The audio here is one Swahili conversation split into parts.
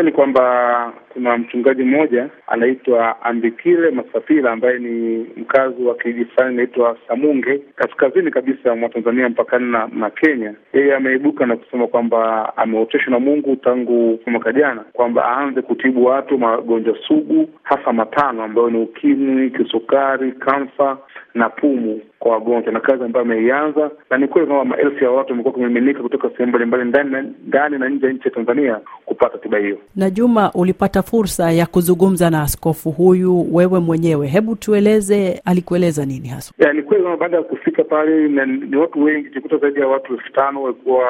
ukweli kwamba kuna mchungaji mmoja anaitwa Ambikile masafira ambaye ni mkazi wa kijiji fulani inaitwa Samunge, kaskazini kabisa mwa Tanzania mpakani na, na Kenya. Yeye ameibuka na kusema kwamba ameoteshwa na Mungu tangu mwaka jana kwamba aanze kutibu watu magonjwa sugu hasa matano ambayo ni ukimwi, kisukari, kansa na pumu kwa wagonjwa na kazi ambayo ameianza, na ni kweli kwamba maelfu ya watu wamekuwa wakimiminika kutoka sehemu mbalimbali ndani na nje ya nchi ya Tanzania kupata tiba hiyo. Na Juma, ulipata fursa ya kuzungumza na askofu huyu wewe mwenyewe, hebu tueleze alikueleza nini hasa? Yeah, ni kweli baada ya kufika pale na ni watu wengi, tukuta zaidi ya watu elfu tano walikuwa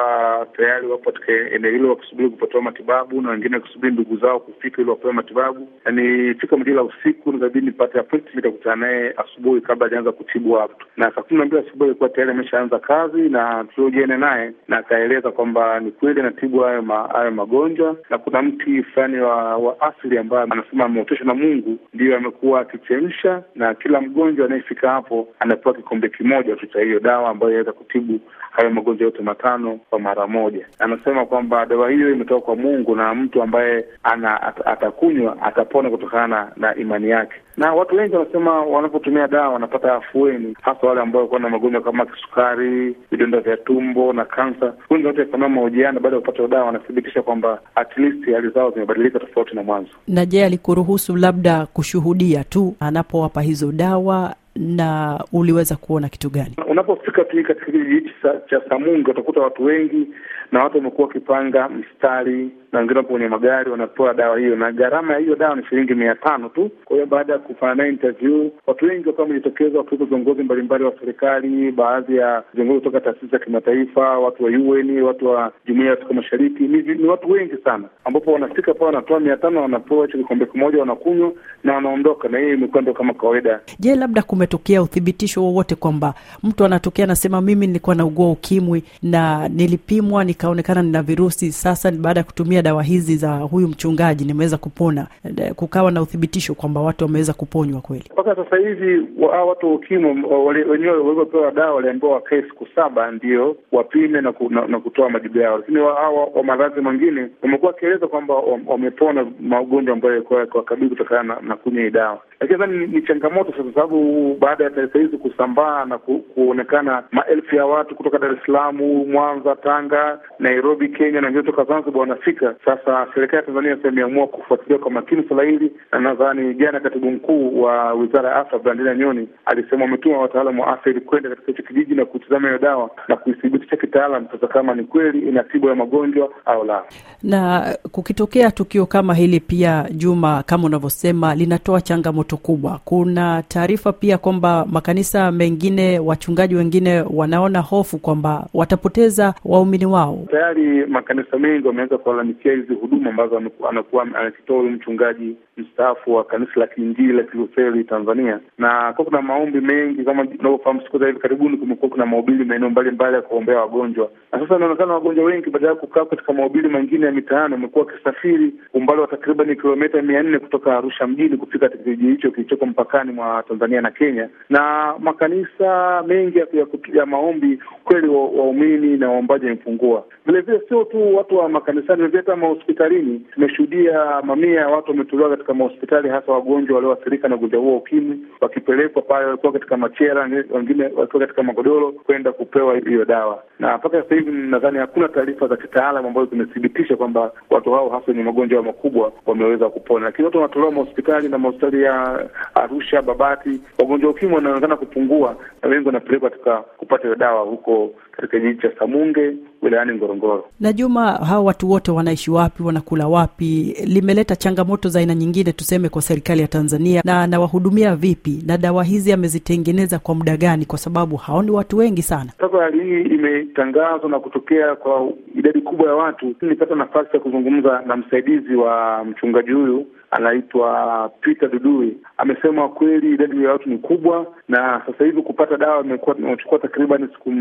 tayari wapo katika eneo hilo wakisubiri kupatiwa matibabu na wengine wakisubiri ndugu zao kufika ili wapewe matibabu. Nilifika majira usiku, nikabidi nipate appointment ya kukutana naye asubuhi kabla hajaanza kutibu watu, na saa kumi na mbili asubuhi alikuwa tayari ameshaanza kazi, na tuliojiana naye na akaeleza kwamba ni kweli anatibu hayo ma, magonjwa na kuna mti fulani wa, wa asili ambayo anasema ameoteshwa na Mungu, ndiyo amekuwa akichemsha, na kila mgonjwa anayefika hapo anapewa kikombe kimoja tu cha hiyo dawa ambayo inaweza kutibu hayo magonjwa yote matano kwa mara moja. Anasema kwamba dawa hiyo imetoka kwa Mungu na mtu ambaye ana atakunywa atapona kutokana na imani yake na watu wengi wanasema wanapotumia dawa wanapata afueni, hasa wale ambao walikuwa na magonjwa kama kisukari, vidonda vya tumbo na kansa. Wengi watu wakifanyiwa mahojiano baada ya kupata dawa wanathibitisha kwamba at least hali zao zimebadilika tofauti na mwanzo. Na je, alikuruhusu labda kushuhudia tu anapowapa hizo dawa na uliweza kuona kitu gani unapofika tu katika kijiji hichi cha Samunge? Utakuta watu wengi na watu wamekuwa wakipanga mstari na wengine wapo kwenye magari wanatoa dawa hiyo, na gharama ya hiyo dawa ni shilingi mia tano tu. Kwa hiyo baada ya kufanya naye interview, watu wengi wakiwa wamejitokeza, wakiwepo viongozi mbalimbali wa serikali, baadhi ya viongozi kutoka taasisi za kimataifa, watu wa UN, watu wa jumuia ya Afrika Mashariki, ni, ni watu wengi sana, ambapo wanafika pa wanatoa mia tano wanapewa hicho kikombe kimoja, wanakunywa na wanaondoka, na hiyo imekuwa ndo kama kawaida. Je, labda kumetokea uthibitisho wowote kwamba mtu anatokea anasema mimi nilikuwa naugua ukimwi na nilipimwa ni nikaonekana nina virusi. Sasa baada ya kutumia dawa hizi za huyu mchungaji nimeweza kupona, eh, kukawa na uthibitisho kwamba watu wameweza kuponywa kweli. Mpaka sasa hivi wa, watu ukimwi wenyewe waliopewa dawa waliambiwa wakae siku saba ndio wapime na, ku, na, na kutoa majibu yao, lakini wa, wa maradhi mengine wamekuwa wakieleza kwamba wamepona magonjwa ambayo yalikuwa kutokana na, na kunywa hii dawa. Lakini nadhani ni changamoto sasa, sababu baada ya taarifa hizi kusambaa na ku, kuonekana maelfu ya watu kutoka Dar es Mwanza, Tanga Nairobi, Kenya na toka Zanzibar wanafika. Sasa serikali ya Tanzania sasa imeamua kufuatilia kwa makini swala hili, na nadhani jana katibu mkuu wa wizara ya afya Blandina Nyoni alisema wametuma wataalamu wa afya ili kwenda katika hicho kijiji na kutizama hiyo dawa na kuithibitisha kitaalam, sasa kama ni kweli ina tiba ya magonjwa au la. Na kukitokea tukio kama hili pia, Juma, kama unavyosema, linatoa changamoto kubwa. Kuna taarifa pia kwamba makanisa mengine, wachungaji wengine wanaona hofu kwamba watapoteza waumini wao tayari makanisa mengi wameanza kuwalamikia hizi huduma ambazo anakuwa anakitoa huyu mchungaji mstaafu wa kanisa la Kiinjili la Kilutheri Tanzania, na kuwa kuna maombi mengi kama unavyofahamu, siku za hivi karibuni kumekuwa kuna mahubiri maeneo mbalimbali ya kuombea wagonjwa, na sasa inaonekana wagonjwa wengi badala ya kukaa katika mahubiri mengine ya mitaani wamekuwa wakisafiri umbali wa takriban kilomita mia nne kutoka Arusha mjini kufika katika kijiji hicho kilichoko mpakani mwa Tanzania na Kenya, na makanisa mengi ya, ya, ya maombi kweli waumini wa na waombaji wamepungua Vilevile sio tu watu wa makanisani, vilevile hata mahospitalini tumeshuhudia mamia ya watu wametolewa katika mahospitali, hasa wagonjwa walioathirika na ugonjwa huo ukimwi, wakipelekwa pale, walikuwa katika machela, wengine walikuwa katika magodoro kwenda kupewa hiyo dawa, na mpaka sasa hivi nadhani hakuna taarifa za kitaalamu ambazo zimethibitisha kwamba watu hao hasa wenye magonjwa makubwa wameweza kupona, lakini watu wanatolewa mahospitali na mahospitali ya Arusha, Babati, wagonjwa ukimwi wanaonekana kupungua na wengi wanapelekwa katika kupata hiyo dawa huko katika jiji cha Samunge wilayani Ngorongoro. Ngorongoro. Na Juma, hao watu wote wanaishi wapi? Wanakula wapi? Limeleta changamoto za aina nyingine, tuseme kwa serikali ya Tanzania, na anawahudumia vipi? Na dawa hizi amezitengeneza kwa muda gani? Kwa sababu hao ni watu wengi sana. Sasa hali hii imetangazwa na kutokea kwa idadi kubwa ya watu. Nilipata nafasi ya kuzungumza na msaidizi wa mchungaji huyu anaitwa Peter Dudui amesema kweli idadi ya watu ni kubwa, na sasa hivi kupata dawa imechukua takriban siku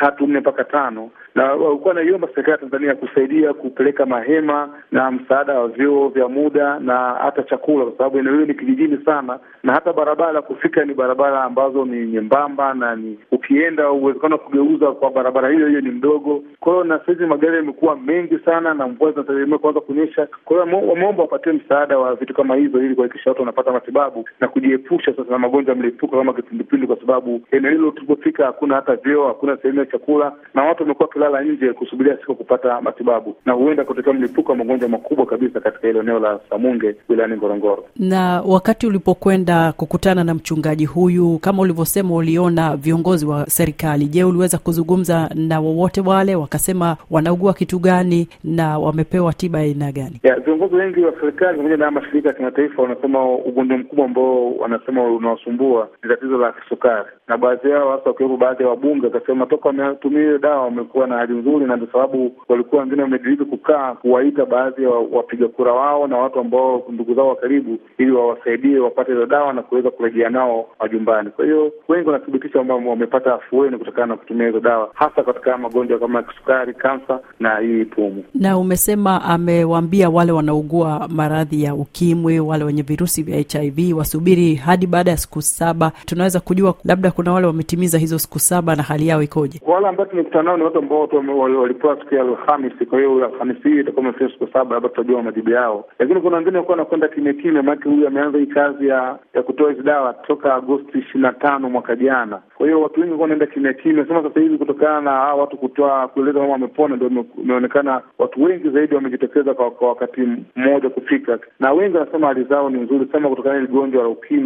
tatu nne mpaka tano, na walikuwa anaiomba serikali ya Tanzania kusaidia kupeleka mahema na msaada wa vyoo vya muda na hata chakula, kwa sababu eneo hilo ni kijijini sana, na hata barabara kufika ni barabara ambazo ni nyembamba na ni ukienda uwezekano wa kugeuza kwa barabara hiyo hiyo ni mdogo. Kwa hiyo na sahizi magari yamekuwa mengi sana na mvua zinategemea kuanza kunyesha, kwa hiyo wameomba wapatie msaada wa vitu kama hivyo, ili kuhakikisha watu wanapata matibabu na kujiepusha sasa na magonjwa ya mlipuko kama kipindupindu, kwa sababu eneo hilo tulipofika hakuna hata vyoo, hakuna sehemu ya chakula, na watu wamekuwa wakilala nje kusubiria siku kupata matibabu, na huenda kutokea mlipuko wa magonjwa makubwa kabisa katika hilo eneo la Samunge wilayani Ngorongoro. Na wakati ulipokwenda kukutana na mchungaji huyu, kama ulivyosema, uliona viongozi wa serikali. Je, uliweza kuzungumza na wowote wale wakasema wanaugua kitu gani na wamepewa tiba aina gani? Viongozi wengi wa serikali pamoja na mashirika ya kimataifa wanasema ugonjwa mkubwa ambao wanasema unawasumbua ni tatizo la kisukari, na baadhi yao hasa wakiwepo baadhi ya wabunge wakasema toka wametumia hiyo dawa wamekuwa na hali nzuri, na ndio sababu walikuwa wengine wamediriki kukaa kuwaita baadhi ya wapiga kura wao na watu ambao ndugu zao wa karibu, ili wawasaidie wapate hizo dawa na kuweza kurejea nao majumbani. Kwa hiyo wengi wanathibitisha kwamba wamepata afueni kutokana na kutumia hizo dawa, hasa katika magonjwa kama kisukari, kansa na hii pumu. Na umesema amewaambia wale wanaugua maradhi ya uki ukimwi, wale wenye virusi vya HIV wasubiri hadi baada ya siku saba? Tunaweza kujua labda kuna wale wametimiza hizo siku saba na hali yao ikoje? Kwa wale ambao tumekutana nao ni watu ambao walipewa siku ya Alhamisi, kwa hiyo Alhamisi hii itakuwa imefika siku saba, labda tutajua majibu yao, lakini kuna wengine kuwa anakwenda kimya kimya, maanake huyu ameanza hii kazi ya ya kutoa hizi dawa toka Agosti ishiri na tano mwaka jana. Kwa hiyo watu wengi kuwa wanaenda kimya kimya. Sema sasa hivi kutokana na hawa watu kutoa kueleza kama wamepona, ndo imeonekana watu wengi zaidi wamejitokeza kwa wakati mmoja kufika na we wengi wanasema hali zao ni nzuri sana kutokana na gonjwa la ukimwi,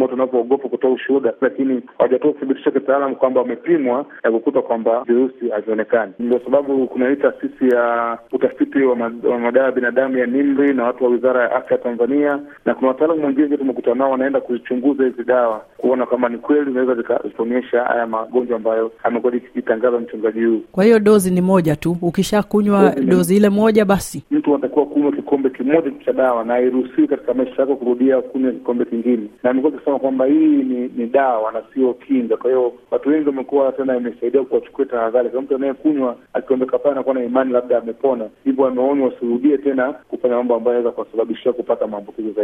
watu kutoa ushuhuda, lakini hawajatoa uthibitisho kitaalamu kwamba wamepimwa na kukuta kwamba virusi havionekani. Ndio sababu kuna hii taasisi ya utafiti wa, mad wa madawa ya binadamu ya NIMRI na watu wa wizara ya afya Tanzania, na kuna wataalamu wengine tumekutana nao wanaenda kuzichunguza hizi dawa kuona kama ni kweli inaweza zikaonyesha haya magonjwa ambayo amekuwa ikitangaza mchungaji huyu. Kwa hiyo dozi ni moja tu, ukishakunywa dozi ile moja basi mtu anatakiwa kunywa kikombe kimoja cha dawa na hairuhusiwi katika maisha yako kurudia kunywa kikombe kingine, na amekuwa ikisema kwamba hii ni, ni dawa na sio kinga. Kwa hiyo watu wengi wamekuwa tena imesaidia kuwachukua tahadhari. Kwa mtu anayekunywa akiondoka pale anakuwa na imani labda amepona, hivyo ameonywa wasirudie tena kufanya mambo ambayo anaweza kuwasababishia kupata maambukizo zaidi.